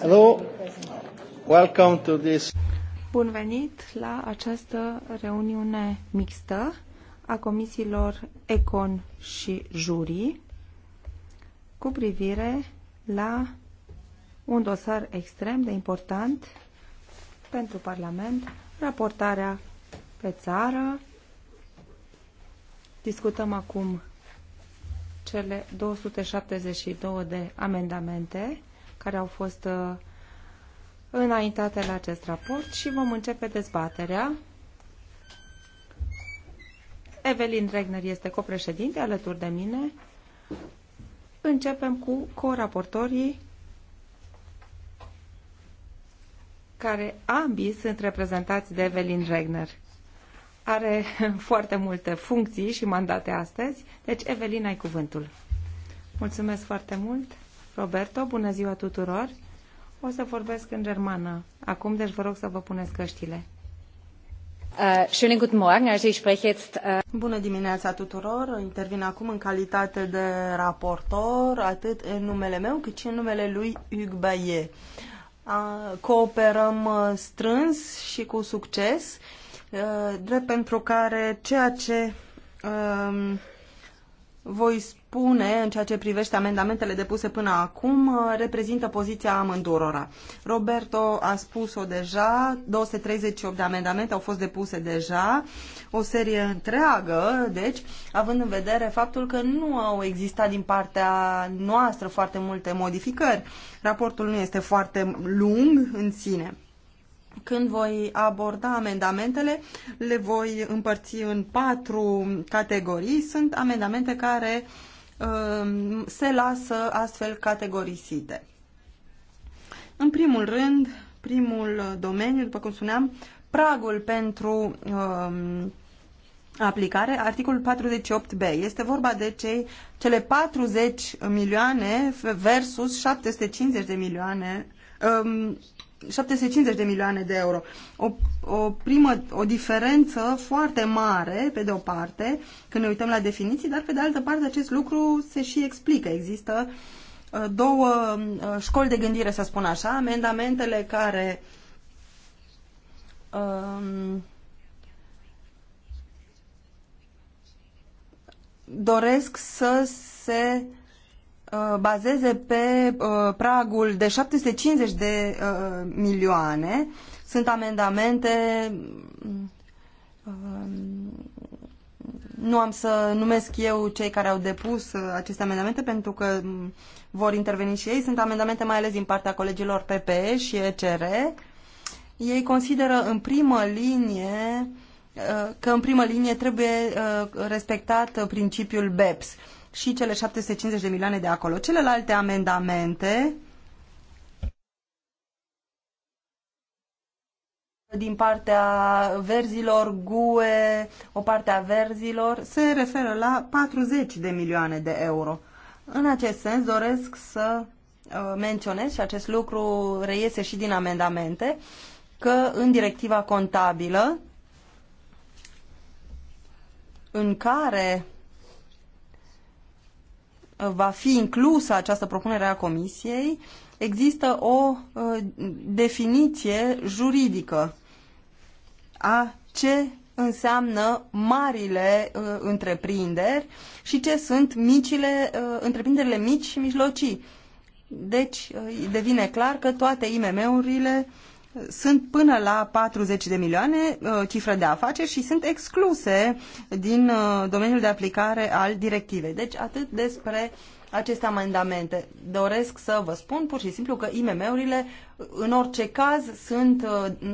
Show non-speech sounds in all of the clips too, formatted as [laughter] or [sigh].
Hello, welcome to this. Bun venit la această reuniune mixtă a comisiilor Econ și Juri cu privire la un dosar extrem de important pentru Parlament, raportarea pe țară. Discutăm acum cele 272 de amendamente care au fost uh, înaintate la acest raport și vom începe dezbaterea. Evelin Regner este copreședinte alături de mine. Începem cu coraportorii care ambii sunt reprezentați de Evelyn Regner are [laughs] foarte multe funcții și mandate astăzi. Deci, Evelin, ai cuvântul. Mulțumesc foarte mult. Roberto, bună ziua tuturor. O să vorbesc în germană. Acum, deci, vă rog să vă puneți căștile. Uh, uh, bună dimineața tuturor! Intervin acum în calitate de raportor, atât în numele meu, cât și în numele lui Hugues Bayet. Uh, cooperăm strâns și cu succes Uh, drept pentru care ceea ce um, voi spune în ceea ce privește amendamentele depuse până acum uh, reprezintă poziția amândurora. Roberto a spus-o deja, 238 de amendamente au fost depuse deja, o serie întreagă, deci, având în vedere faptul că nu au existat din partea noastră foarte multe modificări. Raportul nu este foarte lung în sine. Când voi aborda amendamentele, le voi împărți în patru categorii. Sunt amendamente care um, se lasă astfel categorisite. În primul rând, primul domeniu, după cum spuneam, pragul pentru um, aplicare, articolul 48b. Este vorba de cei, cele 40 milioane versus 750 de milioane, um, 750 de milioane de euro. O, o primă, o diferență foarte mare, pe de o parte, când ne uităm la definiții, dar pe de altă parte acest lucru se și explică. Există uh, două uh, școli de gândire, să spun așa, amendamentele care um, doresc să se Uh, bazeze pe uh, pragul de 750 de uh, milioane. Sunt amendamente nu am să numesc eu cei care au depus aceste amendamente pentru că um, vor interveni și ei. Sunt amendamente mai ales din partea colegilor PPE și ECR. Ei consideră în primă linie că în primă linie trebuie respectat principiul BEPS și cele 750 de milioane de acolo. Celelalte amendamente din partea verzilor, GUE, o parte a verzilor, se referă la 40 de milioane de euro. În acest sens doresc să uh, menționez și acest lucru reiese și din amendamente, că în directiva contabilă în care va fi inclusă această propunere a Comisiei, există o uh, definiție juridică a ce înseamnă marile uh, întreprinderi și ce sunt micile, uh, întreprinderile mici și mijlocii. Deci uh, devine clar că toate IMM-urile uh, sunt până la 40 de milioane uh, cifră de afaceri și sunt excluse din uh, domeniul de aplicare al directivei. Deci atât despre aceste amendamente. Doresc să vă spun pur și simplu că IMM-urile uh, în orice caz sunt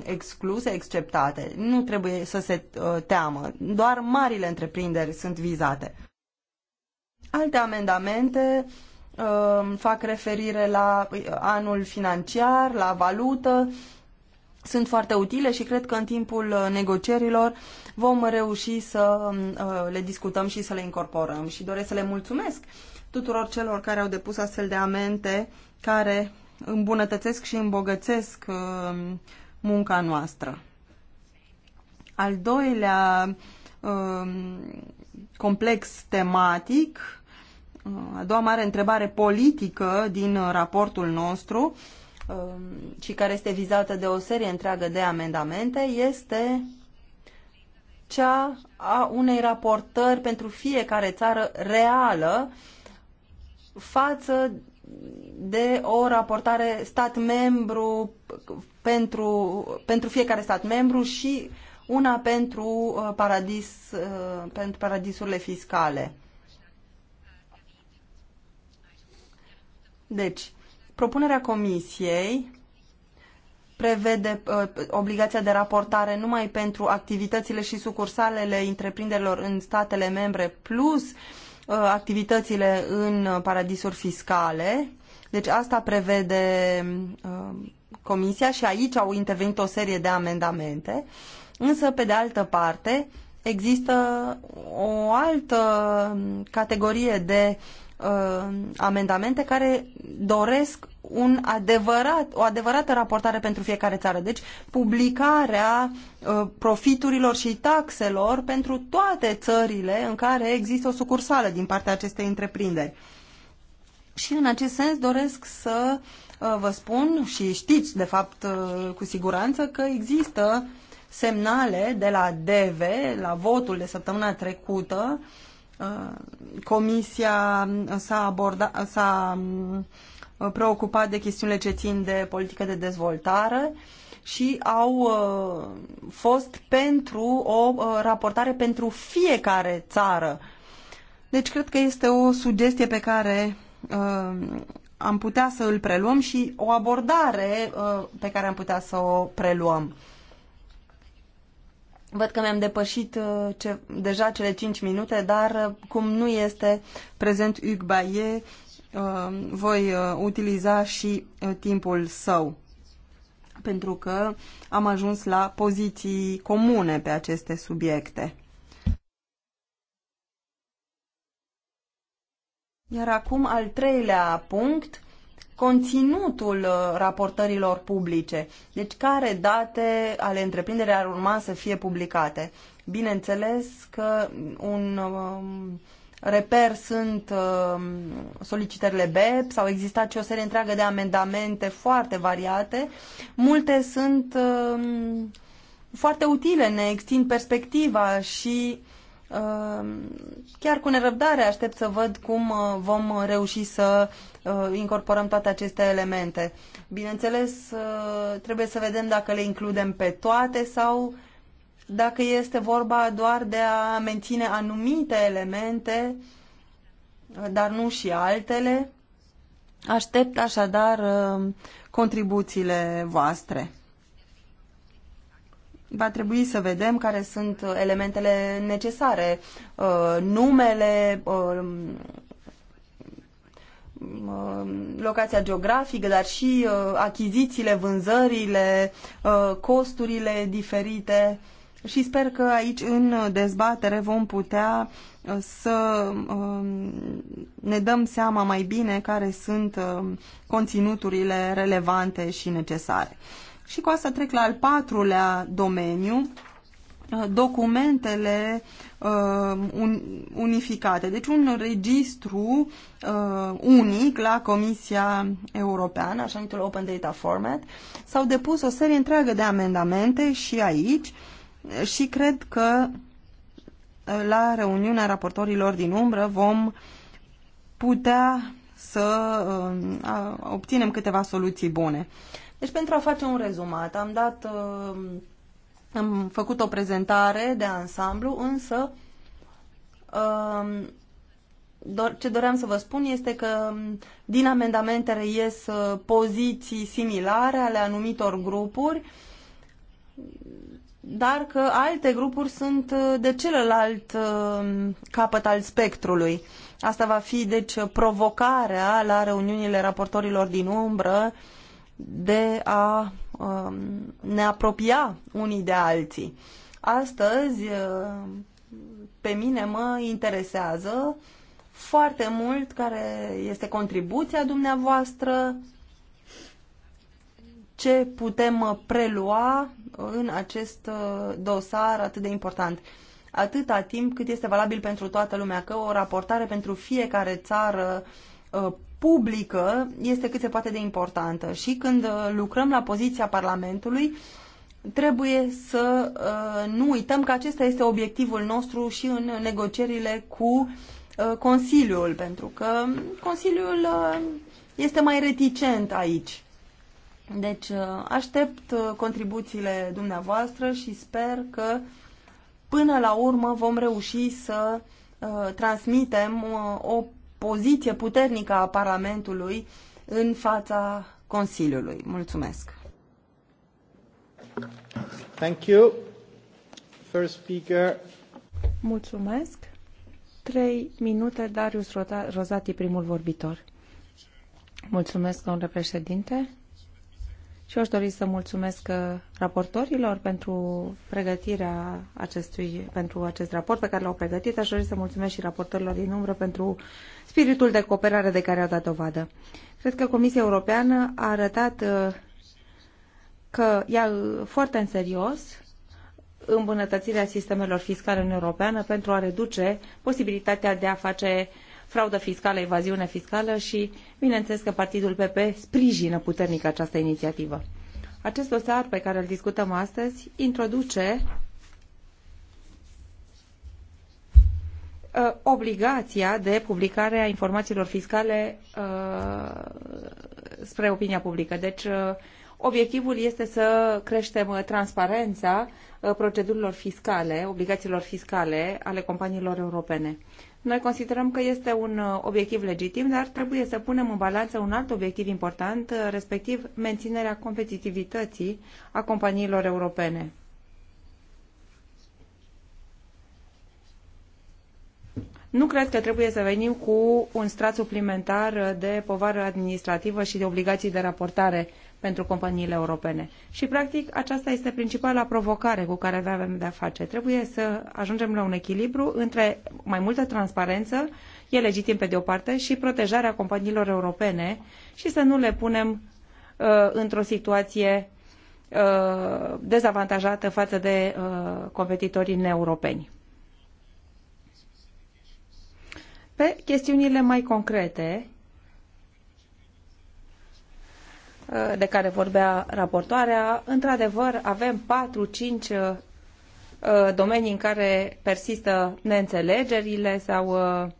excluse, exceptate. Nu trebuie să se teamă. Doar marile întreprinderi sunt vizate. Alte amendamente fac referire la anul financiar, la valută, sunt foarte utile și cred că în timpul uh, negocierilor vom reuși să um, uh, le discutăm și să le incorporăm. Și doresc să le mulțumesc tuturor celor care au depus astfel de amente care îmbunătățesc și îmbogățesc um, munca noastră. Al doilea um, complex tematic, uh, a doua mare întrebare politică din raportul nostru, Um, și care este vizată de o serie întreagă de amendamente este cea a unei raportări pentru fiecare țară reală față de o raportare stat membru pentru, pentru fiecare stat membru și una pentru, uh, paradis, uh, pentru paradisurile fiscale. Deci, Propunerea comisiei prevede uh, obligația de raportare numai pentru activitățile și sucursalele întreprinderilor în statele membre plus uh, activitățile în paradisuri fiscale. Deci asta prevede uh, Comisia și aici au intervenit o serie de amendamente. Însă, pe de altă parte, există o altă categorie de uh, amendamente care doresc un adevărat, o adevărată raportare pentru fiecare țară. Deci publicarea uh, profiturilor și taxelor pentru toate țările în care există o sucursală din partea acestei întreprinderi. Și în acest sens doresc să uh, vă spun și știți de fapt uh, cu siguranță că există semnale de la DV, la votul de săptămâna trecută, uh, Comisia s-a abordat, s-a mm, preocupat de chestiunile ce țin de politică de dezvoltare și au uh, fost pentru o uh, raportare pentru fiecare țară. Deci cred că este o sugestie pe care uh, am putea să îl preluăm și o abordare pe care am putea să o preluăm. Văd că mi-am depășit uh, ce, deja cele 5 minute, dar uh, cum nu este prezent Hugues Baie, uh, voi utiliza și timpul său, pentru că am ajuns la poziții comune pe aceste subiecte. Iar acum al treilea punct, conținutul uh, raportărilor publice, deci care date ale întreprinderii ar urma să fie publicate. Bineînțeles că un um, reper sunt um, solicitările BEPS, sau existat și o serie întreagă de amendamente foarte variate. Multe sunt um, foarte utile, ne extind perspectiva și Ehm, chiar cu nerăbdare aștept să văd cum uh, vom reuși să uh, incorporăm toate aceste elemente. Bineînțeles, uh, trebuie să vedem dacă le includem pe toate sau dacă este vorba doar de a menține anumite elemente, dar nu și altele. Aștept așadar contribuțiile voastre va trebui să vedem care sunt uh, elementele necesare, uh, numele, uh, um, locația geografică, dar și achizițiile, vânzările, costurile diferite și sper că aici în dezbatere vom putea să um, ne dăm seama mai bine care sunt conținuturile relevante și necesare. Și cu asta trec la al patrulea domeniu, uh, documentele uh, unificate. Deci un registru uh, unic la Comisia Europeană, așa numitul Open Data Format. S-au depus o serie întreagă de amendamente și aici și cred că la reuniunea raportorilor din umbră vom putea să obținem câteva soluții bune. Deci, pentru a face un rezumat, am dat, uh, am făcut o prezentare de ansamblu, însă um, ce doream să vă spun este că um, din amendamente reies uh, poziții similare ale anumitor grupuri, dar că alte grupuri sunt uh, de celălalt um, capăt al spectrului. Asta va fi, deci, provocarea la reuniunile raportorilor din umbră uh, de a um, ne apropia unii de alții. Astăzi, um, pe mine mă interesează foarte mult care este contribuția dumneavoastră, ce putem prelua în acest uh, dosar atât de important. Atâta timp cât este valabil pentru toată lumea, că o raportare pentru fiecare țară uh, Uh, publică este cât se poate de importantă și când uh, lucrăm la poziția Parlamentului, trebuie să uh, nu uităm că acesta este obiectivul nostru și în negocierile cu Consiliul, pentru că Consiliul este mai reticent aici. Deci aștept contribuțiile dumneavoastră și sper că până la urmă vom reuși să transmitem o poziție puternică a Parlamentului în fața Consiliului. Mulțumesc! Thank you. First speaker. Mulțumesc. Trei minute, Darius Rozati, primul vorbitor. Mulțumesc, domnule președinte. Și eu aș dori să mulțumesc uh, raportorilor pentru pregătirea acestui, pentru acest raport pe care l-au pregătit. Aș dori să mulțumesc și raportorilor din umbră pentru spiritul de cooperare de care au dat dovadă. Cred că Comisia Europeană a arătat uh, că ia uh, foarte în serios îmbunătățirea sistemelor fiscale în Europeană pentru a reduce posibilitatea de a face uh, fraudă fiscală, evaziune fiscală și, bineînțeles, că Partidul PP sprijină puternic această inițiativă. Acest dosar pe care îl discutăm astăzi introduce uh, obligația de publicare a informațiilor fiscale uh, spre opinia publică. Deci, uh, obiectivul este să creștem uh, transparența uh, procedurilor fiscale, obligațiilor fiscale ale companiilor europene. Noi considerăm că este un uh, obiectiv legitim, dar trebuie să punem în balanță un alt obiectiv important, uh, respectiv menținerea competitivității a companiilor europene. Nu cred că trebuie să venim cu un strat suplimentar uh, de povară administrativă și de obligații de raportare pentru companiile europene. Și, practic, aceasta este principala provocare cu care avem de-a face. Trebuie să ajungem la un echilibru între mai multă transparență, e legitim pe de o parte, și protejarea companiilor europene și să nu le punem uh, într-o situație uh, dezavantajată față de uh, competitorii neeuropeni. Pe chestiunile mai concrete, Uh, de care vorbea raportoarea, într-adevăr avem 4-5 uh, domenii în care persistă neînțelegerile sau uh,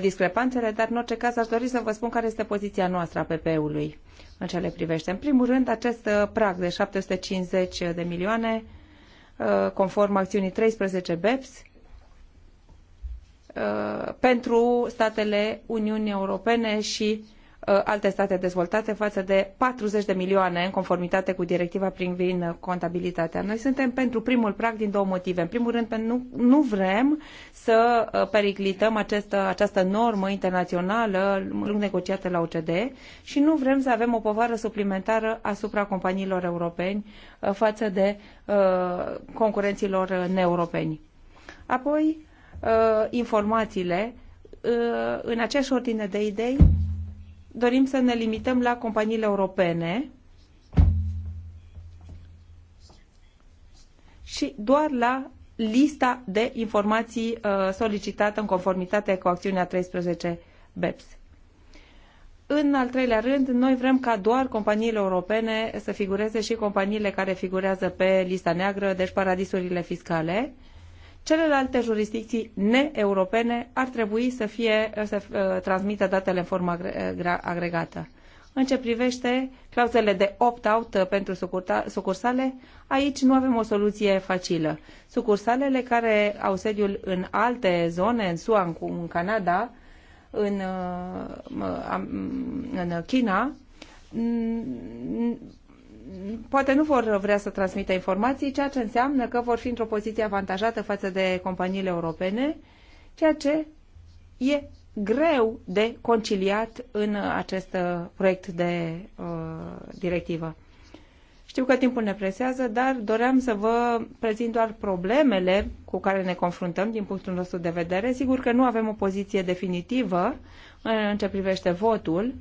discrepanțele, dar în orice caz aș dori să vă spun care este poziția noastră a PP-ului în ce le privește. În primul rând, acest prag de 750 de milioane, conform acțiunii 13 BEPS, pentru statele Uniunii Europene și Uh, alte state dezvoltate față de 40 de milioane în conformitate cu directiva privind uh, contabilitatea. Noi suntem pentru primul prag din două motive. În primul rând, pentru nu, nu vrem să uh, periclităm această, această normă internațională negociată la OCDE și nu vrem să avem o povară suplimentară asupra companiilor europeni față de uh, concurenților neeuropeni. Apoi, uh, informațiile în aceeași ordine de idei dorim să ne limităm la companiile europene și doar la lista de informații uh, solicitată în conformitate cu acțiunea 13 BEPS. În al treilea rând, noi vrem ca doar companiile europene să figureze și companiile care figurează pe lista neagră, deci paradisurile fiscale. Celelalte jurisdicții neeuropene ar trebui să fie să uh, transmită datele în formă uh, agregată. În ce privește clauzele de opt-out uh, pentru sucursale, aici nu avem o soluție facilă. Sucursalele care au sediul în alte zone, în SUA, în Canada, în, în China, poate nu vor vrea să transmită informații, ceea ce înseamnă că vor fi într-o poziție avantajată față de companiile europene, ceea ce e greu de conciliat în acest uh, proiect de uh, directivă. Știu că timpul ne presează, dar doream să vă prezint doar problemele cu care ne confruntăm din punctul nostru de vedere. Sigur că nu avem o poziție definitivă uh, în ce privește votul.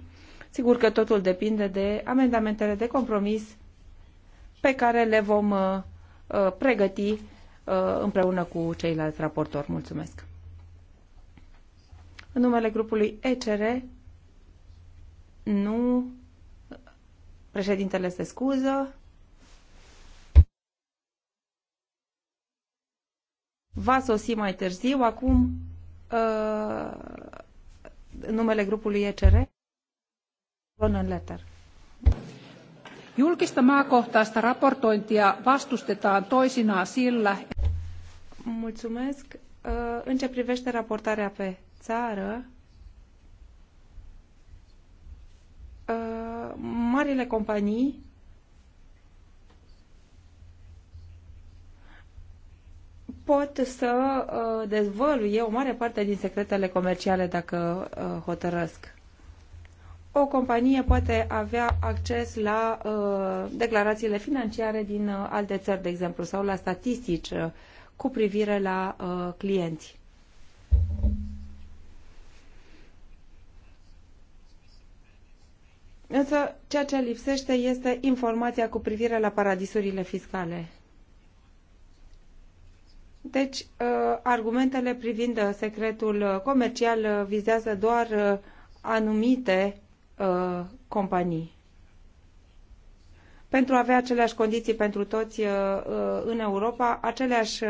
Sigur că totul depinde de amendamentele de compromis pe care le vom uh, uh, pregăti uh, împreună cu ceilalți raportori. Mulțumesc! În numele grupului ECR, nu, președintele se scuză, va sosi mai târziu, acum în numele grupului ECR, Ronan Letter julkista maakohtaista raportointia vastustetaan toisinaan sillä Mulțumesc. Uh, în ce privește raportarea pe țară, uh, marile companii pot să uh, dezvăluie o mare parte din secretele comerciale dacă hotărăsc o companie poate avea acces la uh, declarațiile financiare din uh, alte țări, de exemplu, sau la statistici uh, cu privire la uh, clienți. Însă, ceea ce lipsește este informația cu privire la paradisurile fiscale. Deci, uh, argumentele privind uh, secretul uh, comercial vizează doar anumite Uh, companii. Pentru a avea aceleași condiții pentru toți uh, uh în Europa, aceleași uh,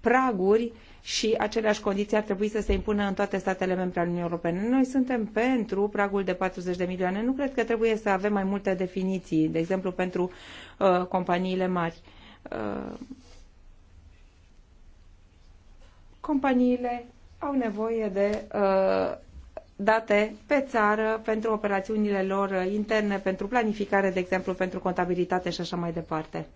praguri și aceleași condiții ar trebui să se impună în toate statele membre ale Uniunii Europene. Noi suntem pentru pragul de 40 de milioane. Nu cred că trebuie să avem mai multe definiții, de exemplu pentru uh, companiile mari. Uh, companiile au nevoie de uh, date pe țară pentru operațiunile lor interne, pentru planificare, de exemplu, pentru contabilitate și așa mai departe.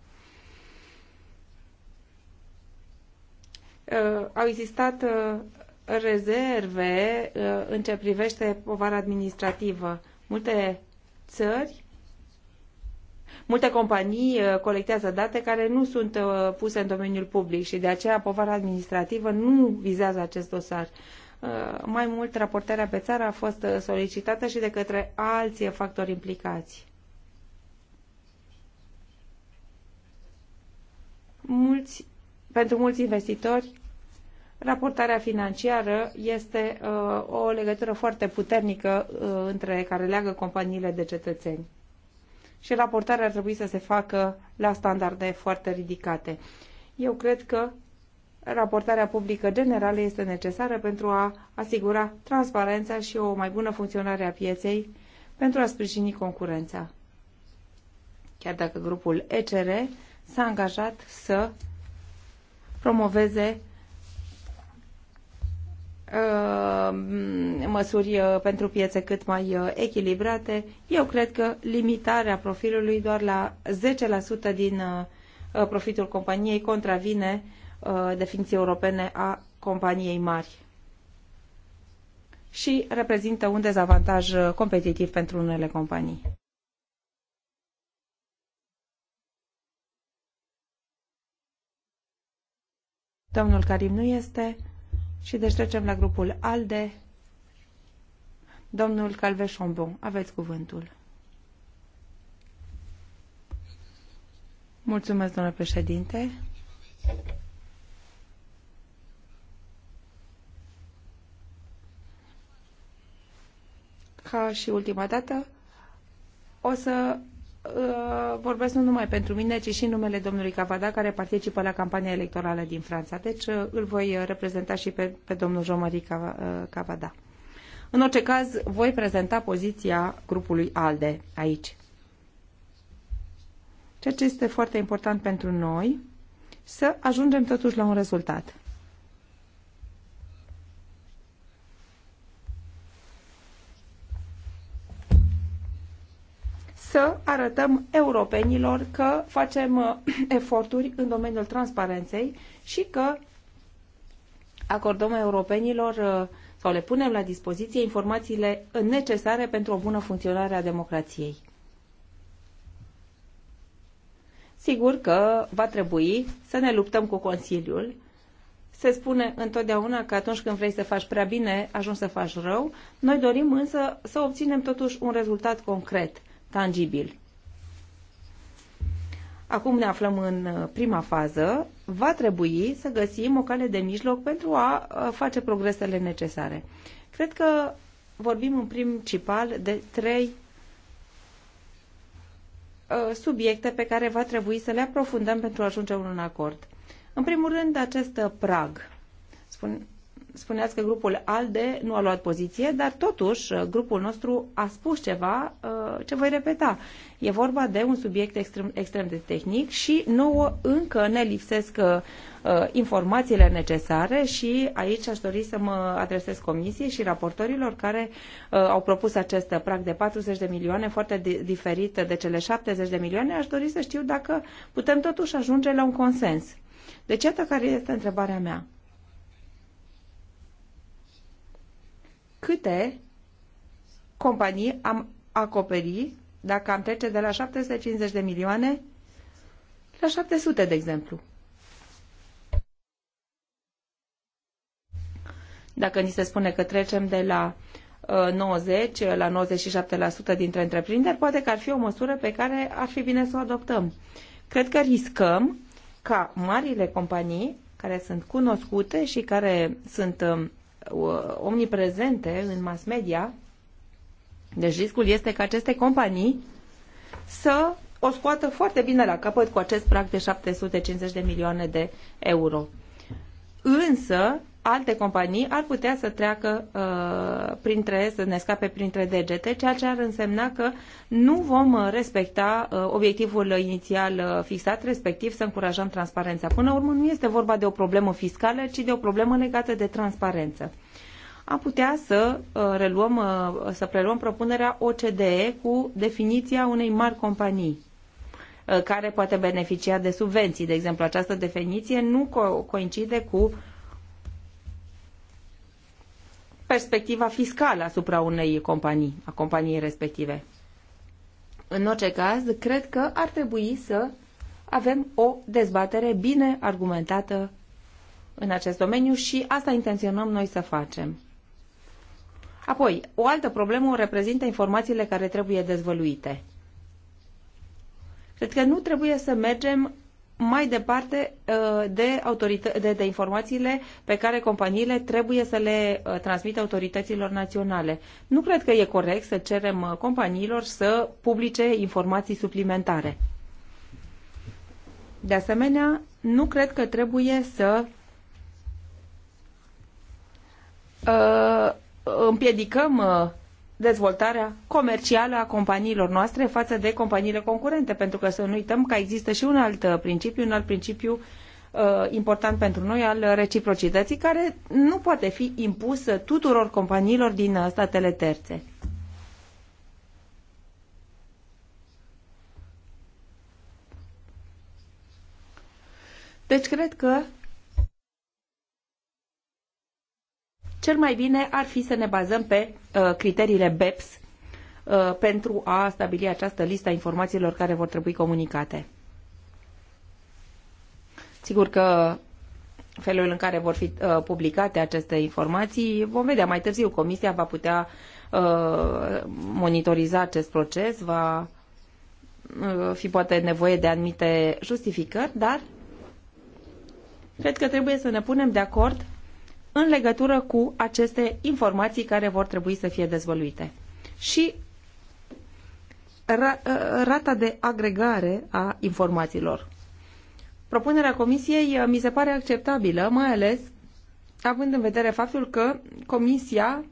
Uh, au existat uh, rezerve uh, în ce privește povara administrativă. Multe țări, multe companii colectează date care nu sunt puse în domeniul public și de aceea povara administrativă nu vizează acest dosar. Uh, mai mult raportarea pe țară a fost uh, solicitată și de către alți factori implicați. Mulți, pentru mulți investitori, raportarea financiară este uh, o legătură foarte puternică uh, între care leagă companiile de cetățeni. Și raportarea ar trebui să se facă la standarde foarte ridicate. Eu cred că raportarea publică generală este necesară pentru a asigura transparența și o mai bună funcționare a pieței pentru a sprijini concurența. Chiar dacă grupul ECR s-a angajat să promoveze uh, măsuri uh, pentru piețe cât mai uh, echilibrate, eu cred că limitarea profilului doar la 10% din profitul companiei contravine Uh, definiții europene a companiei mari și reprezintă un dezavantaj uh, competitiv pentru unele companii. Domnul Karim nu este și deci trecem la grupul ALDE. Domnul Calvez-Chambon, aveți cuvântul. Mulțumesc, domnule președinte. ca și ultima dată, o să uh, vorbesc nu numai pentru mine, ci și în numele domnului Cavada, care participă la campania electorală din Franța. Deci uh, îl voi reprezenta și pe, pe domnul Jean-Marie uh, Cavada. În orice caz, voi prezenta poziția grupului ALDE aici. Ceea ce este foarte important pentru noi, să ajungem totuși la un rezultat. să arătăm europenilor că facem uh, [clears throat] eforturi în domeniul transparenței și că acordăm europenilor uh, sau le punem la dispoziție informațiile necesare pentru o bună funcționare a democrației. Sigur că va trebui să ne luptăm cu Consiliul. Se spune întotdeauna că atunci când vrei să faci prea bine, ajungi să faci rău. Noi dorim însă să obținem totuși un rezultat concret – tangibil. Acum ne aflăm în uh, prima fază. Va trebui să găsim o cale de mijloc pentru a uh, face progresele necesare. Cred că vorbim în principal de trei uh, subiecte pe care va trebui să le aprofundăm pentru a ajunge un acord. În primul rând, acest prag. Spun, spuneați că grupul ALDE nu a luat poziție, dar totuși uh, grupul nostru a spus ceva uh, ce voi repeta. E vorba de un subiect extrem, extrem de tehnic și nouă încă ne lipsesc uh, informațiile necesare și aici aș dori să mă adresez comisiei și raportorilor care au propus acest prag de 40 de milioane foarte diferit de cele 70 de milioane. Aș dori să știu dacă putem totuși ajunge la un consens. Deci iată care este întrebarea mea. câte companii am acoperi dacă am trece de la 750 de milioane la 700, de exemplu. Dacă ni se spune că trecem de la 90 uh, la 97% dintre întreprinderi, poate că ar fi o măsură pe care ar fi bine să o adoptăm. Cred că riscăm ca marile companii care sunt cunoscute și care sunt um, omniprezente în mass media, deci riscul este că aceste companii să o scoată foarte bine la capăt cu acest prag de 750 de milioane de euro. Însă, alte companii ar putea să treacă uh, printre, să ne scape printre degete, ceea ce ar însemna că nu vom uh, respecta uh, obiectivul inițial uh, fixat, respectiv să încurajăm transparența. Până la urmă nu este vorba de o problemă fiscală, ci de o problemă legată de transparență. Am putea să uh, reluăm, uh, să preluăm propunerea OCDE cu definiția unei mari companii uh, care poate beneficia de subvenții. De exemplu, această definiție nu co- coincide cu perspectiva fiscală asupra unei companii, a companiei respective. În orice caz, cred că ar trebui să avem o dezbatere bine argumentată în acest domeniu și asta intenționăm noi să facem. Apoi, o altă problemă o reprezintă informațiile care trebuie dezvăluite. Cred că nu trebuie să mergem mai departe uh, de, autorită- de, de informațiile pe care companiile trebuie să le uh, transmită autorităților naționale. Nu cred că e corect să cerem uh, companiilor să publice informații suplimentare. De asemenea, nu cred că trebuie să împiedicăm dezvoltarea comercială a companiilor noastre față de companiile concurente, pentru că să nu uităm că există și un alt uh, principiu, un alt principiu uh, important pentru noi al reciprocității, care nu poate fi impus tuturor companiilor din uh, statele terțe. Deci cred că cel mai bine ar fi să ne bazăm pe uh, criteriile BEPS uh, pentru a stabili această listă a informațiilor care vor trebui comunicate. Sigur că felul în care vor fi uh, publicate aceste informații, vom vedea mai târziu. Comisia va putea uh, monitoriza acest proces, va uh, fi poate nevoie de anumite justificări, dar cred că trebuie să ne punem de acord în legătură cu aceste informații care vor trebui să fie dezvăluite. Și ă, rata de agregare a informațiilor. Propunerea Comisiei ă, mi se pare acceptabilă, mai ales având în vedere faptul că Comisia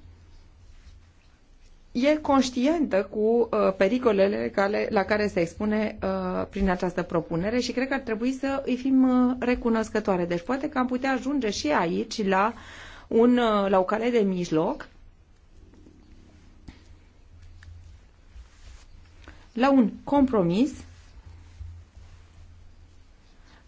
e conștientă cu uh, pericolele care, la care se expune uh, prin această propunere și cred că ar trebui să îi fim uh, recunoscătoare. Deci poate că am putea ajunge și aici la, un, uh, la o cale de mijloc, la un compromis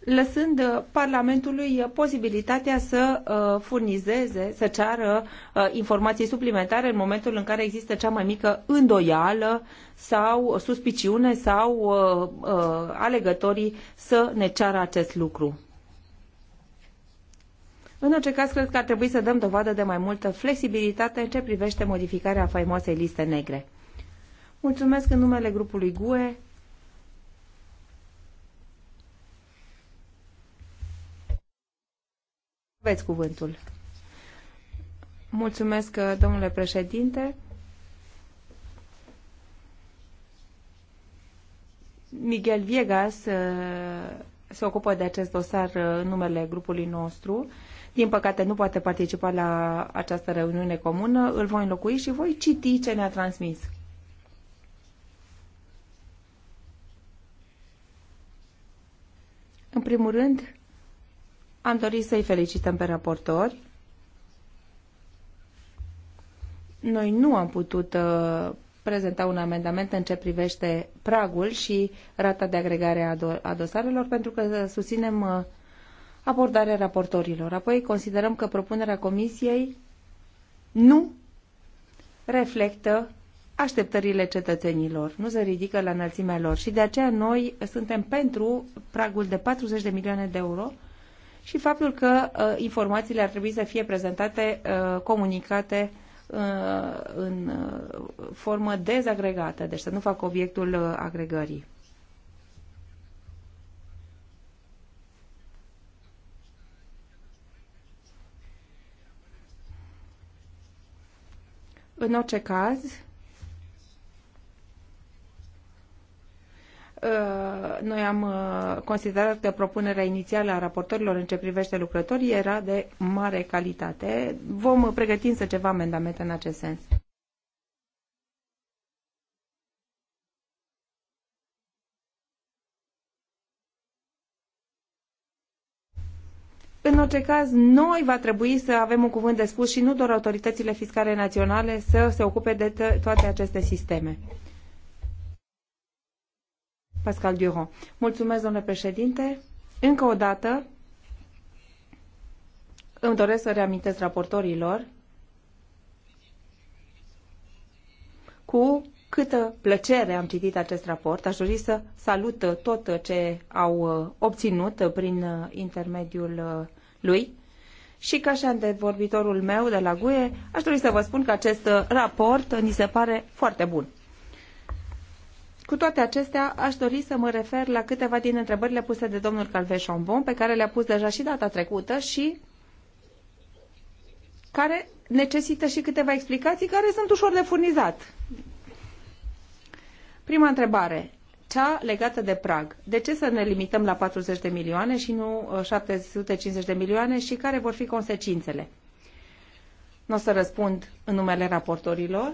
lăsând uh, Parlamentului uh, posibilitatea să uh, furnizeze, să ceară informații suplimentare în momentul în care există cea mai mică îndoială sau suspiciune sau alegătorii să ne ceară acest lucru. În orice caz, cred că ar trebui să dăm dovadă de mai multă flexibilitate în ce privește modificarea faimoasei liste negre. Mulțumesc în numele grupului GUE, Aveți cuvântul. Mulțumesc, domnule președinte. Miguel Viegas uh, se ocupă de acest dosar uh, în numele grupului nostru. Din păcate nu poate participa la această reuniune comună. Îl voi înlocui și voi citi ce ne-a transmis. În primul rând, am dorit să-i felicităm pe raportori. Noi nu am putut uh, prezenta un amendament în ce privește pragul și rata de agregare a dosarelor, pentru că uh, susținem uh, abordarea raportorilor. Apoi considerăm că propunerea Comisiei nu reflectă așteptările cetățenilor, nu se ridică la înălțimea lor și de aceea noi suntem pentru pragul de 40 de milioane de euro și faptul că uh, informațiile ar trebui să fie prezentate, uh, comunicate uh, în uh, formă dezagregată, deci să nu facă obiectul uh, agregării. În orice caz, Uh, noi am uh, considerat că propunerea inițială a raportorilor în ce privește lucrătorii era de mare calitate. Vom pregăti însă ceva amendamente în acest sens. În orice caz, noi va trebui să avem un cuvânt de spus și nu doar autoritățile fiscale naționale să se ocupe de toate aceste sisteme. Pascal Durand. Mulțumesc, domnule președinte. Încă o dată îmi doresc să reamintesc raportorilor cu câtă plăcere am citit acest raport. Aș dori să salut tot ce au obținut prin intermediul lui. Și ca și vorbitorul meu de la GUE, aș dori să vă spun că acest raport ni se pare foarte bun. Cu toate acestea, aș dori să mă refer la câteva din întrebările puse de domnul Calvé Chambon, pe care le-a pus deja și data trecută și care necesită și câteva explicații care sunt ușor de furnizat. Prima întrebare, cea legată de prag. De ce să ne limităm la 40 de milioane și nu 750 uh, de milioane și care vor fi consecințele? Nu o să răspund în numele raportorilor,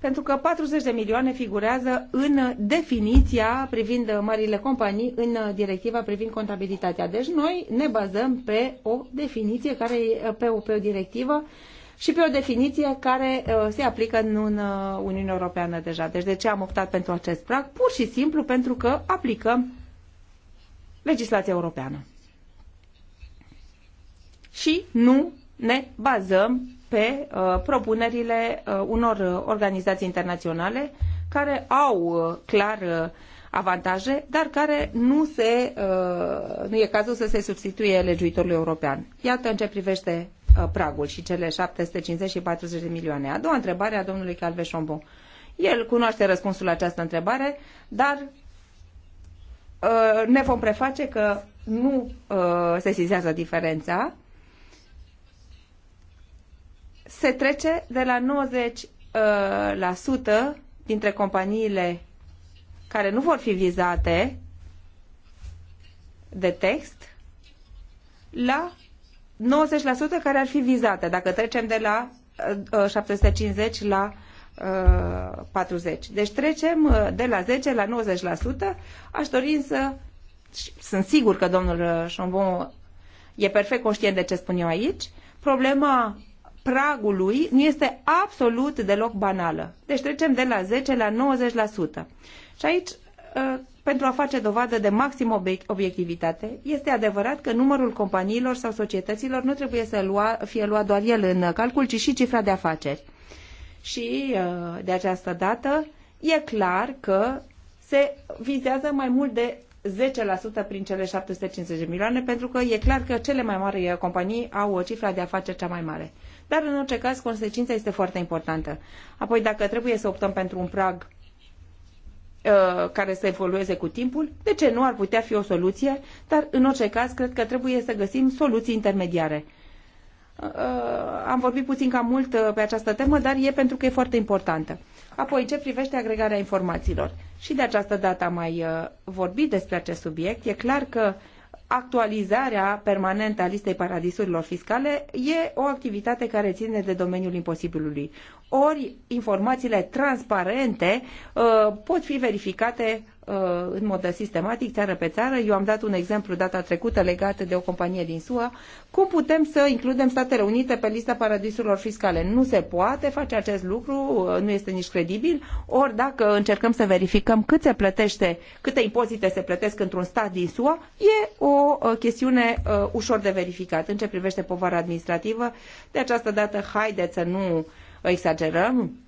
pentru că 40 de milioane figurează în definiția privind marile companii în directiva privind contabilitatea. Deci noi ne bazăm pe o definiție care pe o, pe o directivă și pe o definiție care uh, se aplică în uh, Uniunea Europeană deja. Deci de ce am optat pentru acest prag? Pur și simplu pentru că aplicăm legislația europeană. Și nu ne bazăm pe uh, propunerile uh, unor uh, organizații internaționale care au clar avantaje, dar care nu, se, nu e cazul să se substituie legiuitorului european. Iată în ce privește pragul și cele 750 și 40 de milioane. A doua întrebare a domnului Calveșombo. El cunoaște răspunsul la această întrebare, dar ne vom preface că nu se sizează diferența se trece de la 90% uh, la sută dintre companiile care nu vor fi vizate de text la 90% care ar fi vizate, dacă trecem de la 750 uh, uh, la 40. Deci trecem de la 10 la 90%. Aș dori să... Sunt sigur că domnul Șombon e perfect conștient de ce spun eu aici. Problema pragului nu este absolut deloc banală. Deci trecem de la 10 la 90%. Și aici, ă, pentru a face dovadă de maximă obiectivitate, este adevărat că numărul companiilor sau societăților nu trebuie să lua, fie luat doar el în calcul, ci și cifra de afaceri. Și ă, de această dată e clar că se vizează mai mult de 10% prin cele 750 milioane, pentru că e clar că cele mai mari companii au o cifra de afaceri cea mai mare dar în orice caz consecința este foarte importantă. Apoi dacă trebuie să optăm pentru un prag uh, care să evolueze cu timpul, de ce nu ar putea fi o soluție, dar în orice caz cred că trebuie să găsim soluții intermediare. Uh, am vorbit puțin cam mult uh, pe această temă, dar e pentru că e foarte importantă. Apoi, ce privește agregarea informațiilor. Și de această dată am mai vorbit despre acest subiect. E clar că uh, actualizarea permanentă a listei paradisurilor fiscale e o activitate care ține de domeniul imposibilului ori informațiile transparente uh, pot fi verificate uh, în mod sistematic, țară pe țară. Eu am dat un exemplu data trecută legat de o companie din SUA. Cum putem să includem Statele Unite pe lista paradisurilor fiscale? Nu se poate face acest lucru, uh, nu este nici credibil. Ori dacă încercăm să verificăm cât se plătește, câte impozite se plătesc într-un stat din SUA, e o chestiune ușor de verificat. În ce privește povara administrativă, de această dată haideți să nu uh, exagerăm,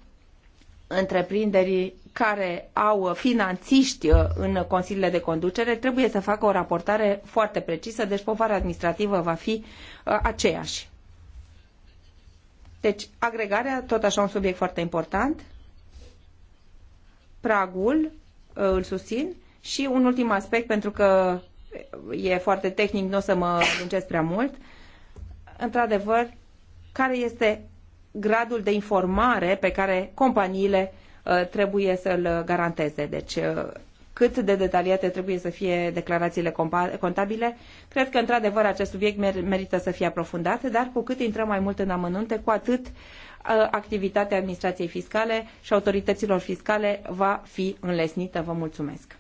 întreprinderii care au finanțiști uh, în consiliile de conducere trebuie să facă o raportare foarte precisă, deci povara administrativă va fi uh, aceeași. Deci, agregarea, tot așa un subiect foarte important, pragul, uh, îl susțin, și un ultim aspect, pentru că e foarte tehnic, nu o să mă lungesc prea mult, într-adevăr, care este gradul de informare pe care companiile uh, trebuie să-l garanteze. Deci, uh, cât de detaliate trebuie să fie declarațiile contabile. Cred că, într-adevăr, acest subiect merită să fie aprofundat, dar cu cât intrăm mai mult în amănunte, cu atât uh, activitatea administrației fiscale și autorităților fiscale va fi înlesnită. Vă mulțumesc!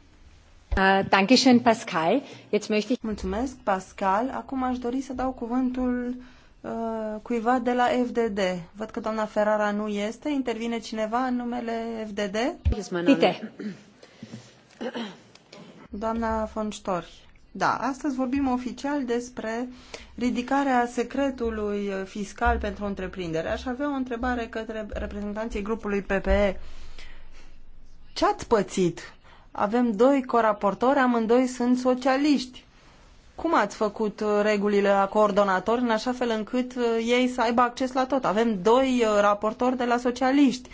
Pascal. Jetzt möchte ich... Mulțumesc, Pascal. Acum aș dori să dau cuvântul Uh, cuiva de la FDD. Văd că doamna Ferrara nu este. Intervine cineva în numele FDD? Pite. Doamna von Storch. Da, astăzi vorbim oficial despre ridicarea secretului fiscal pentru întreprindere. Aș avea o întrebare către reprezentanții grupului PPE. Ce ați pățit? Avem doi coraportori, amândoi sunt socialiști. Cum ați făcut uh, regulile la coordonatori în așa fel încât uh, ei să aibă acces la tot? Avem doi uh, raportori de la socialiști.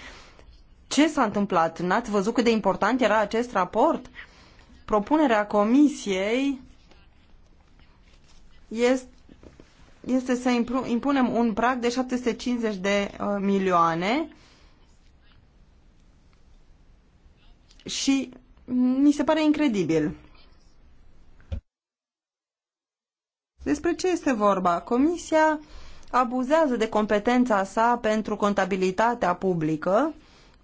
Ce s-a întâmplat? N-ați văzut cât de important era acest raport? Propunerea comisiei este, este să impunem un prag de 750 de milioane și mi se pare incredibil. Despre ce este vorba? Comisia abuzează de competența sa pentru contabilitatea publică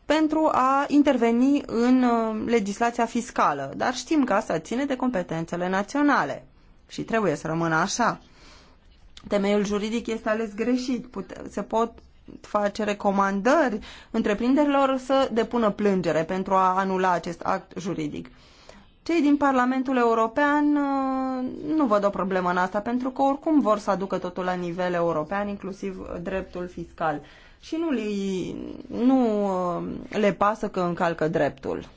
pentru a interveni în uh, legislația fiscală, dar știm că asta ține de competențele naționale și trebuie să rămână așa. Temeiul juridic este ales greșit. Pute- se pot face recomandări întreprinderilor să depună plângere pentru a anula acest act juridic. Cei din Parlamentul European uh, nu văd o problemă în asta, pentru că oricum vor să aducă totul la nivel european, inclusiv uh, dreptul fiscal. Și nu, li, nu uh, le pasă că încalcă dreptul.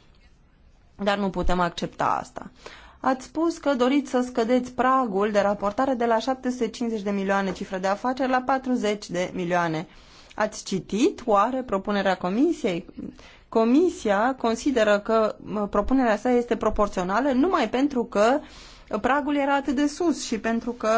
Dar nu putem accepta asta. Ați spus că doriți să scădeți pragul de raportare de la 750 de milioane cifră de afaceri la 40 de milioane. Ați citit oare propunerea comisiei? Comisia consideră că propunerea sa este proporțională numai pentru că pragul era atât de sus și pentru că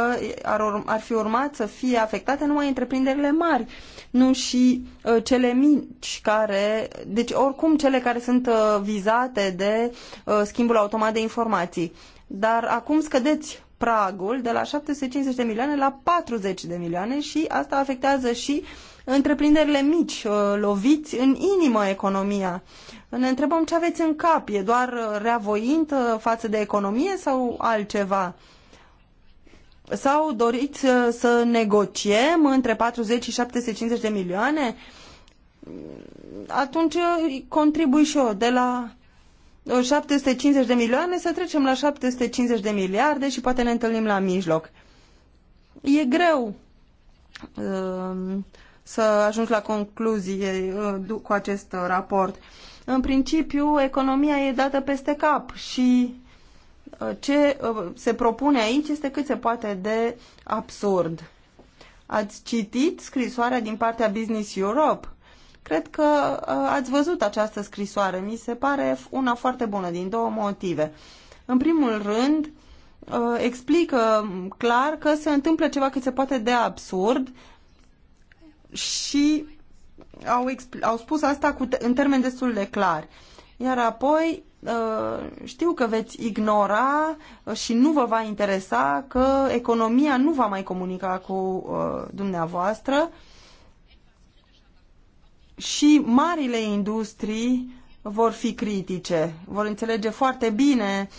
ar, ar fi urmat să fie afectate numai întreprinderile mari, nu și uh, cele mici care, deci oricum cele care sunt uh, vizate de uh, schimbul automat de informații. Dar acum scădeți pragul de la 750 de milioane la 40 de milioane și asta afectează și uh, întreprinderile mici, uh, loviți în inimă economia. Ne întrebăm ce aveți în cap, e doar uh, reavoint față de economie sau altceva? Sau doriți uh, să negociem între 40 și 750 de milioane? Atunci contribui și eu de la 750 de milioane să trecem la 750 de miliarde și poate ne întâlnim la mijloc. E greu să ajungi la concluzie uh, cu acest uh, raport. În principiu, economia e dată peste cap și uh, ce se propune aici este cât se poate de absurd. Ați citit scrisoarea din partea Business Europe? Cred că ați văzut această scrisoare. Mi se pare una foarte bună din două motive. În primul rând, explică um, clar că se întâmplă ceva cât se poate de absurd și au, au spus asta cu în termeni destul de clar. Iar apoi uh, știu că veți ignora uh, și nu vă va interesa că economia nu va mai comunica cu uh, dumneavoastră și marile industrii vor fi critice, vor înțelege foarte bine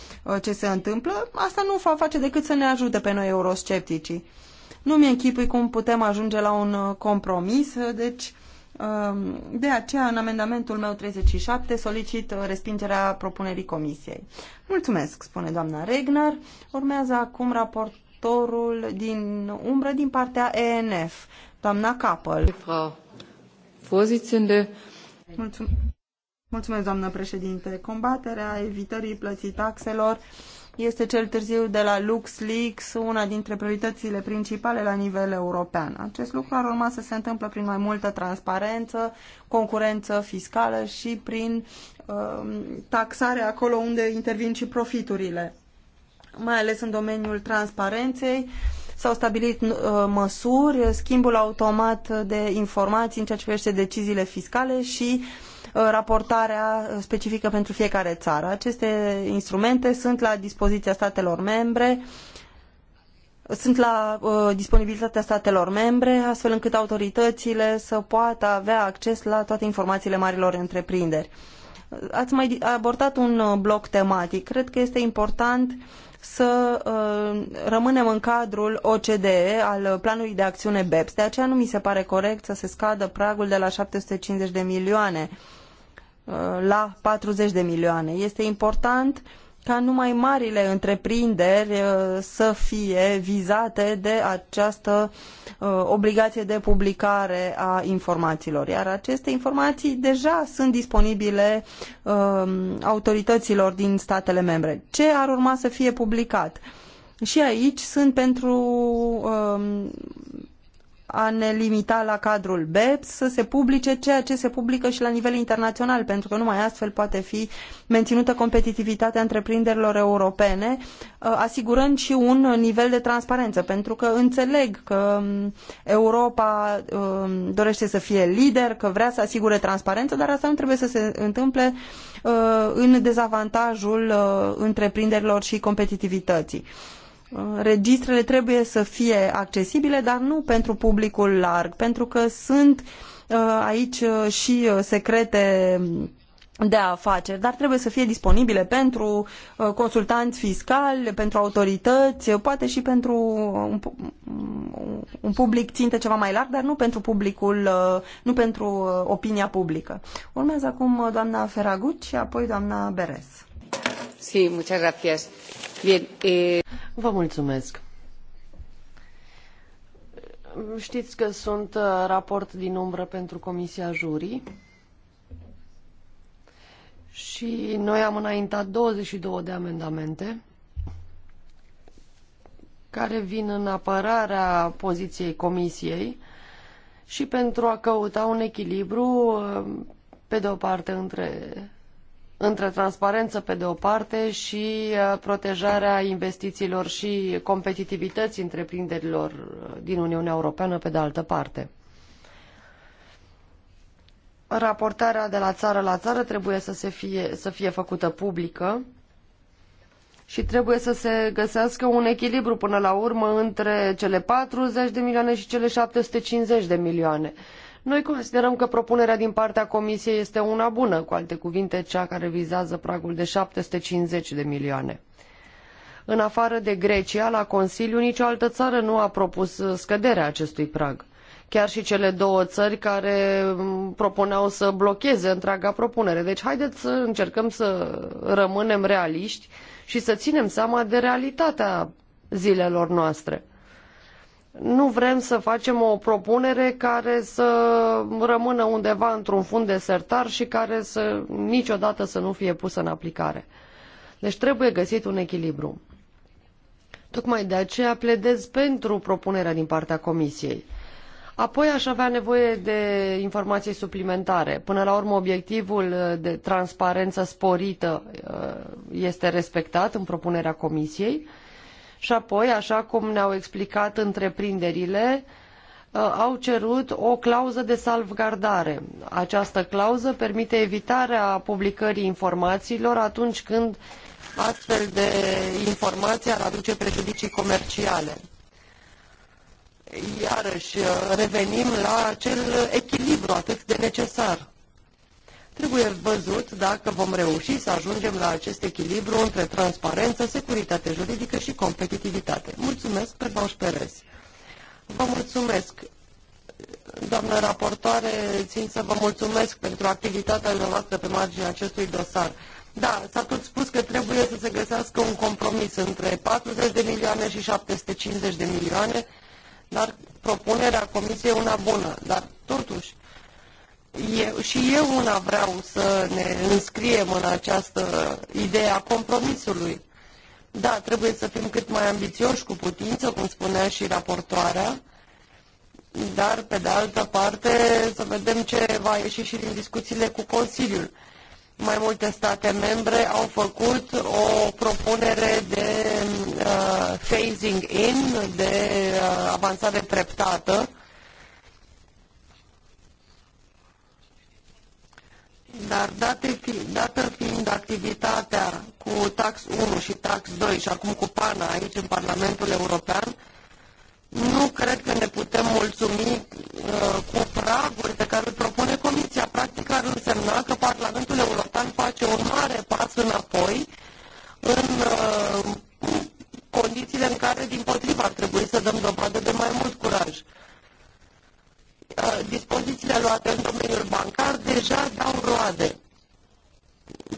ce se întâmplă. Asta nu va face decât să ne ajute pe noi eurosceptici. Nu mi-închipui cum putem ajunge la un uh, compromis, uh, deci um, de aceea, în amendamentul meu 37, solicit uh, respingerea propunerii comisiei. Mulțumesc, spune doamna Regner. Urmează acum raportorul din umbră din partea ENF, doamna Capăl. Mulțumesc, doamnă președinte. Combaterea evitării plății taxelor este cel târziu de la LuxLeaks una dintre prioritățile principale la nivel european. Acest lucru ar urma să se întâmple prin mai multă transparență, concurență fiscală și prin uh, taxare acolo unde intervin și profiturile. Mai ales în domeniul transparenței s-au stabilit uh, măsuri, schimbul automat de informații în ceea ce privește deciziile fiscale și uh, Uh, raportarea specifică pentru fiecare țară. Aceste instrumente sunt la dispoziția statelor membre sunt la uh, disponibilitatea statelor membre, astfel încât autoritățile să poată avea acces la toate informațiile marilor întreprinderi. Uh, ați mai abordat un uh, bloc tematic. Cred că este important să uh, rămânem în cadrul OCDE al planului de acțiune BEPS. De aceea nu mi se pare corect să se scadă pragul de la 750 de milioane. Uh, Uh, la 40 de milioane. Este important ca numai marile întreprinderi uh, să fie vizate de această uh, obligație de publicare a informațiilor. Iar aceste informații deja sunt disponibile um, autorităților din statele membre. Ce ar urma să fie publicat? Și aici sunt pentru um, a ne limita la cadrul BEPS, să se publice ceea ce se publică și la nivel internațional, pentru că numai astfel poate fi menținută competitivitatea întreprinderilor europene, uh, asigurând și un nivel de transparență, pentru că înțeleg că um, Europa um, dorește să fie lider, că vrea să asigure transparență, dar asta nu trebuie să se întâmple uh, în dezavantajul uh, întreprinderilor și competitivității. Uh, registrele trebuie să fie accesibile, dar nu pentru publicul larg, pentru că sunt uh, aici uh, și secrete de afaceri, dar trebuie să fie disponibile pentru consultanți fiscali, pentru autorități, poate și pentru mm, un public ținte ceva mai larg, dar nu pentru publicul, nu pentru opinia publică. Urmează acum doamna Feragut și apoi doamna Beres. Sí, muchas gracias. Bien, eh... Vă mulțumesc. Știți că sunt uh, raport din umbră pentru Comisia Jurii și noi am înaintat 22 de amendamente care vin în apărarea poziției Comisiei și pentru a căuta un echilibru, uh, pe de o parte, între între transparență pe de o parte și uh, protejarea investițiilor și competitivității întreprinderilor uh, din Uniunea Europeană pe de altă parte. Raportarea de la țară la țară trebuie să, se fie, să fie făcută publică și trebuie să se găsească un echilibru până la urmă între cele 40 de milioane și cele 750 de milioane. Uh, noi considerăm că propunerea din partea Comisiei este una bună, cu alte cuvinte cea care vizează pragul de 750 de milioane. În afară de Grecia, la Consiliu, nicio altă țară nu a propus scăderea acestui prag. Chiar și cele două țări care propuneau să blocheze întreaga propunere. Deci haideți să încercăm să rămânem realiști și să ținem seama de realitatea zilelor noastre nu vrem să facem o propunere care să rămână undeva într-un fund desertar și care să niciodată să nu fie pusă în aplicare. Deci trebuie găsit un echilibru. Tocmai de aceea pledez pentru propunerea din partea Comisiei. Apoi aș avea nevoie de informații suplimentare. Până la urmă, obiectivul de transparență sporită uh, este respectat în propunerea Comisiei. Uh, și apoi, așa cum ne-au explicat întreprinderile, uh, au cerut o clauză de salvgardare. Această clauză permite evitarea publicării informațiilor atunci când astfel de informații ar aduce prejudicii comerciale. Iarăși uh, revenim la acel echilibru atât de necesar. Trebuie văzut dacă vom reuși să ajungem la acest echilibru între transparență, securitate juridică și competitivitate. Mulțumesc, Pervanș Perez. Vă mulțumesc. Doamnă raportoare, țin să vă mulțumesc pentru activitatea dumneavoastră pe marginea acestui dosar. Da, s-a tot spus că trebuie să se găsească un compromis între 40 de milioane și 750 de milioane, dar propunerea Comisiei e una bună. Dar, totuși, eu, și eu una vreau să ne înscriem în această idee a compromisului. Da, trebuie să fim cât mai ambițioși cu putință, cum spunea și raportoarea, dar, pe de altă parte, să vedem ce va ieși și din discuțiile cu Consiliul. Mai multe state membre au făcut o propunere de uh, phasing in, de uh, avansare treptată, Dar date fi, dată fiind activitatea cu tax 1 și tax 2 și acum cu PANA aici în Parlamentul European, nu cred că ne putem mulțumi uh, cu pragul pe care îl propune Comisia. Practic ar însemna că Parlamentul European face un mare pas înapoi în uh, condițiile în care, din potrivă, ar trebui să dăm dovadă de mai mult curaj dispozițiile luate în domeniul bancar deja dau roade.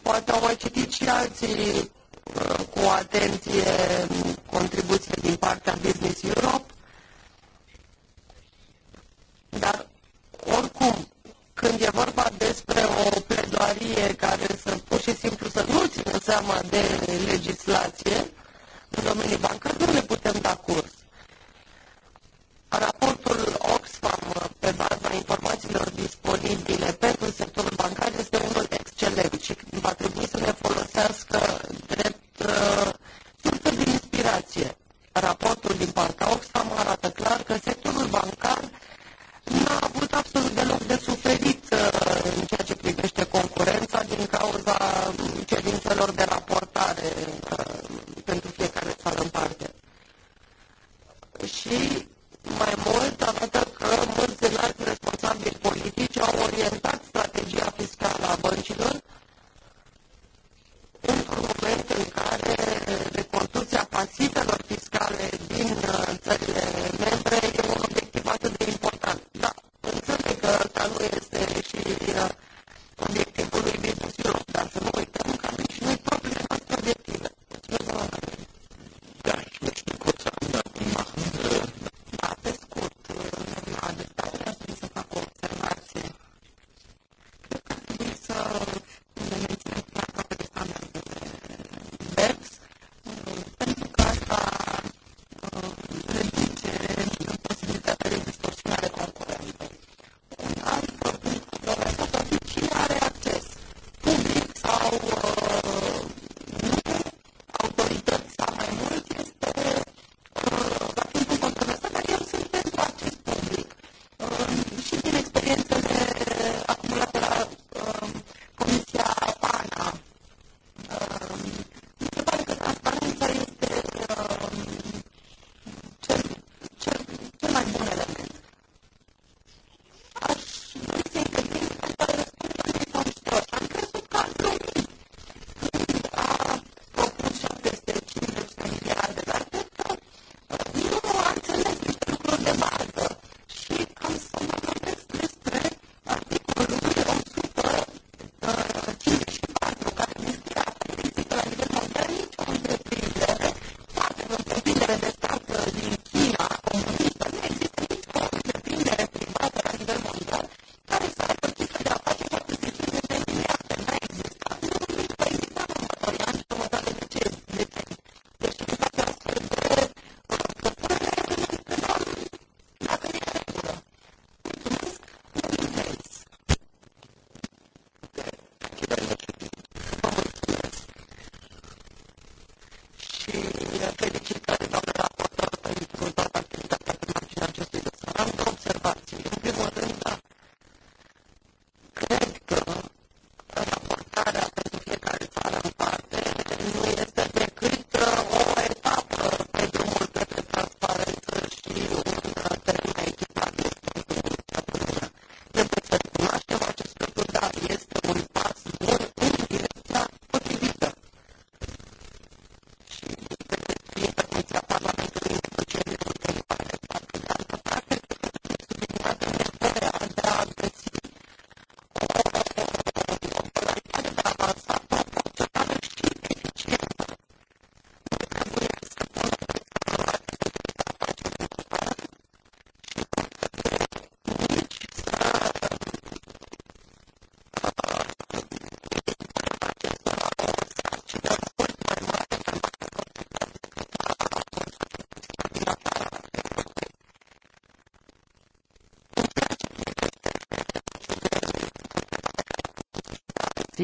Poate au mai citit și alții uh, cu atenție um, contribuțiile din partea Business Europe, dar oricum, când e vorba despre o pledoarie care să pur și simplu să nu țină seama de legislație în domeniul bancar, nu ne putem da curs. Raport pe baza informațiilor disponibile pentru sectorul bancar este unul excelent și va trebui să ne folosească drept uh, sursă de inspirație. Raportul din partea Oxfam arată clar că sectorul bancar n-a avut absolut deloc de suferit uh, în ceea ce privește concurența din cauza um, cerințelor de raportare uh, pentru fiecare țară în parte. Și mai mult, avea că mulți înalți responsabili politici au orientat strategia fiscală a băncilor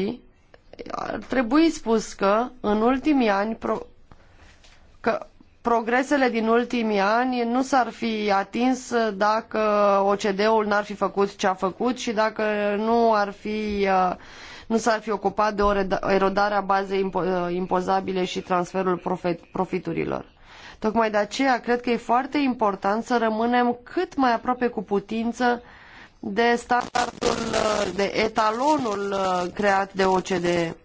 chestii, ar trebui spus că în ultimii ani pro... că progresele din ultimii ani nu s-ar fi atins dacă OCD-ul n-ar fi făcut ce a făcut și dacă nu ar fi uh, nu s-ar fi ocupat de o a bazei uh, impozabile și transferul profiturilor. Tocmai de aceea cred că e foarte important să rămânem cât mai aproape cu putință de standardul, de etalonul uh, creat de OCDE.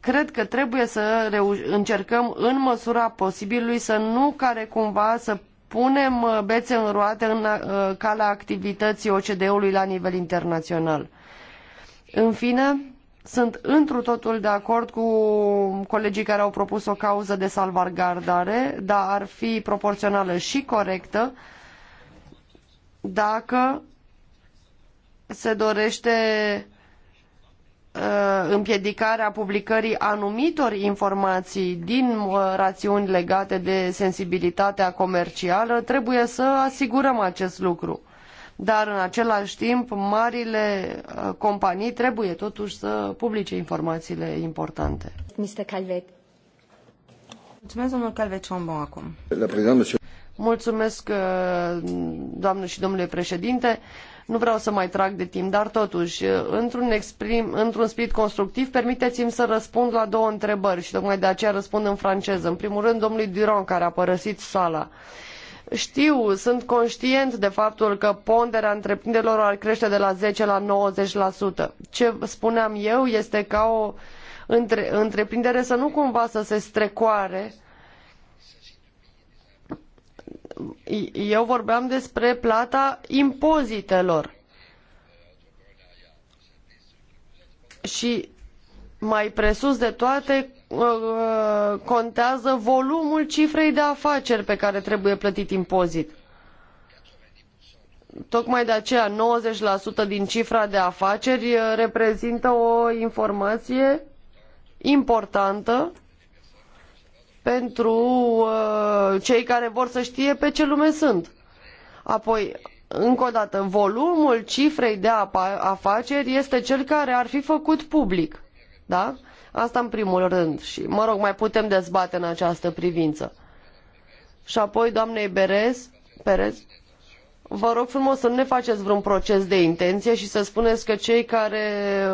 Cred că trebuie să încercăm în măsura posibilului să nu care cumva să punem uh, bețe în roate în uh, calea activității OCDE-ului la nivel internațional. În fine, sunt întru totul de acord cu colegii care au propus o cauză de salvargardare, dar ar fi proporțională și corectă, dacă se dorește uh, împiedicarea publicării anumitor informații din uh, rațiuni legate de sensibilitatea comercială, trebuie să asigurăm acest lucru. Dar în același timp, marile uh, companii trebuie totuși să publice informațiile importante. Mr. Calvet. Mulțumesc, domnul Calvet, acum. Mulțumesc, uh, doamnă și domnule președinte. Nu vreau să mai trag de timp, dar totuși, uh, într-un, exprim, într-un spirit constructiv, permiteți-mi să răspund la două întrebări și tocmai de aceea răspund în franceză. În primul rând, domnului Duron, care a părăsit sala. Știu, sunt conștient de faptul că ponderea întreprinderilor ar crește de la 10 la 90%. Ce spuneam eu este ca o între, întreprindere să nu cumva să se strecoare uh, eu vorbeam despre plata impozitelor. Și mai presus de toate, uh, contează volumul cifrei de afaceri pe care trebuie plătit impozit. Tocmai de aceea 90% din cifra de afaceri uh, reprezintă o informație importantă pentru uh, cei care vor să știe pe ce lume sunt. Apoi, încă o dată, volumul cifrei de afaceri este cel care ar fi făcut public. Da? Asta în primul rând și, mă rog, mai putem dezbate în această privință. Și apoi, doamnei Berez, Perez, vă rog frumos să nu ne faceți vreun proces de intenție și să spuneți că cei care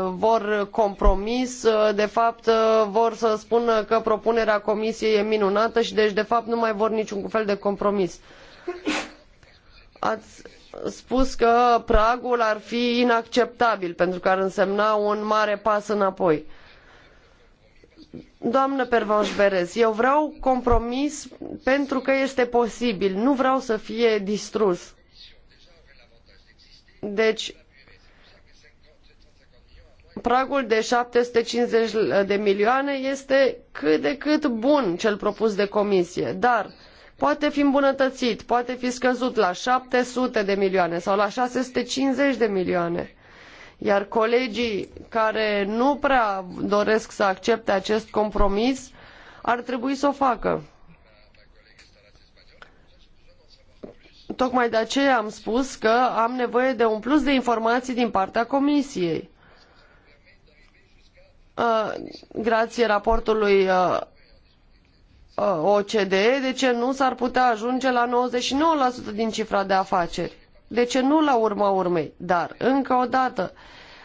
vor compromis, de fapt, vor să spună că propunerea comisiei e minunată și deci, de fapt, nu mai vor niciun fel de compromis. Ați spus că pragul ar fi inacceptabil pentru că ar însemna un mare pas înapoi. Doamnă Pervanș Berez, eu vreau compromis pentru că este posibil, nu vreau să fie distrus. Deci, pragul de 750 de milioane este cât de cât bun cel propus de comisie, dar poate fi îmbunătățit, poate fi scăzut la 700 de milioane sau la 650 de milioane. Iar colegii care nu prea doresc să accepte acest compromis ar trebui să o facă. Tocmai de aceea am spus că am nevoie de un plus de informații din partea Comisiei. Grație raportului OECD, de ce nu s-ar putea ajunge la 99% din cifra de afaceri? De ce nu la urma urmei? Dar, încă o dată,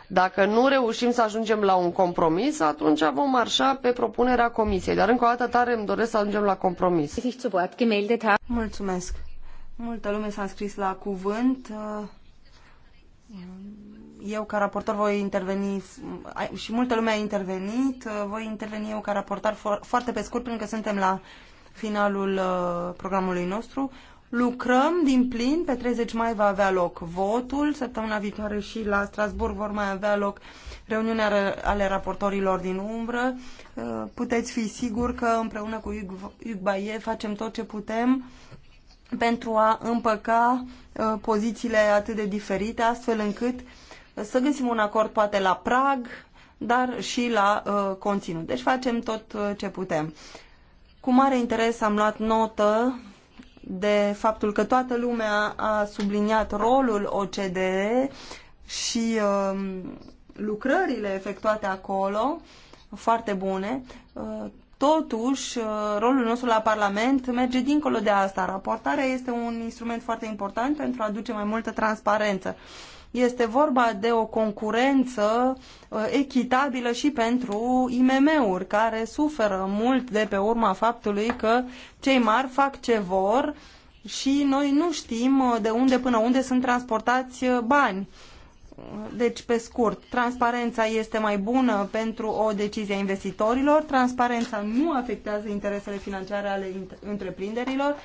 dacă nu reușim să ajungem la un compromis, atunci vom marșa pe propunerea Comisiei. Dar încă o dată tare îmi doresc să ajungem la compromis. Mulțumesc. Multă lume s-a înscris la cuvânt. Eu, ca raportor, voi interveni și multă lume a intervenit. Voi interveni eu, ca raportor, foarte pe scurt, pentru că suntem la finalul uh, programului nostru. Lucrăm din plin. Pe 30 mai va avea loc votul. Săptămâna viitoare și la Strasburg vor mai avea loc reuniunea ale raportorilor din umbră. Uh, puteți fi siguri că împreună cu Iugbaie facem tot ce putem pentru a împăca uh, pozițiile atât de diferite, astfel încât uh, să găsim un acord poate la prag, dar și la uh, conținut. Deci facem tot ce putem. Cu mare interes am luat notă de faptul că toată lumea a subliniat rolul OCDE și uh, lucrările efectuate acolo, foarte bune. Uh, Totuși, uh, rolul nostru la Parlament merge dincolo de asta. Raportarea este un instrument foarte important pentru a aduce mai multă transparență. Este vorba de o concurență uh, echitabilă și pentru IMM-uri, care suferă mult de pe urma faptului că cei mari fac ce vor și noi nu știm uh, de unde până unde sunt transportați bani deci, pe scurt, transparența este mai bună pentru o decizie a investitorilor, transparența nu afectează interesele financiare ale întreprinderilor,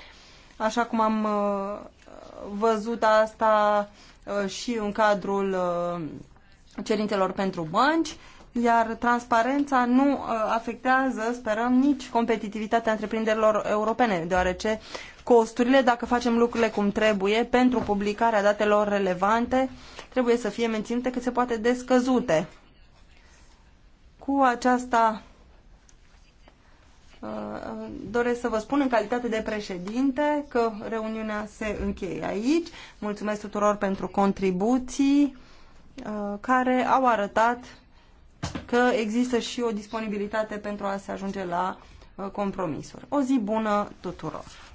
așa cum am uh, văzut asta uh, și în cadrul uh, cerințelor pentru bănci, iar transparența nu afectează, sperăm, nici competitivitatea întreprinderilor europene, deoarece costurile, dacă facem lucrurile cum trebuie, pentru publicarea datelor relevante, uh, trebuie să fie menținute cât se poate descăzute. Cu aceasta uh, doresc să vă spun în calitate de președinte că reuniunea se încheie aici. Mulțumesc tuturor pentru contribuții uh, care au arătat că există și o disponibilitate pentru a se ajunge la uh, compromisuri. O zi bună tuturor!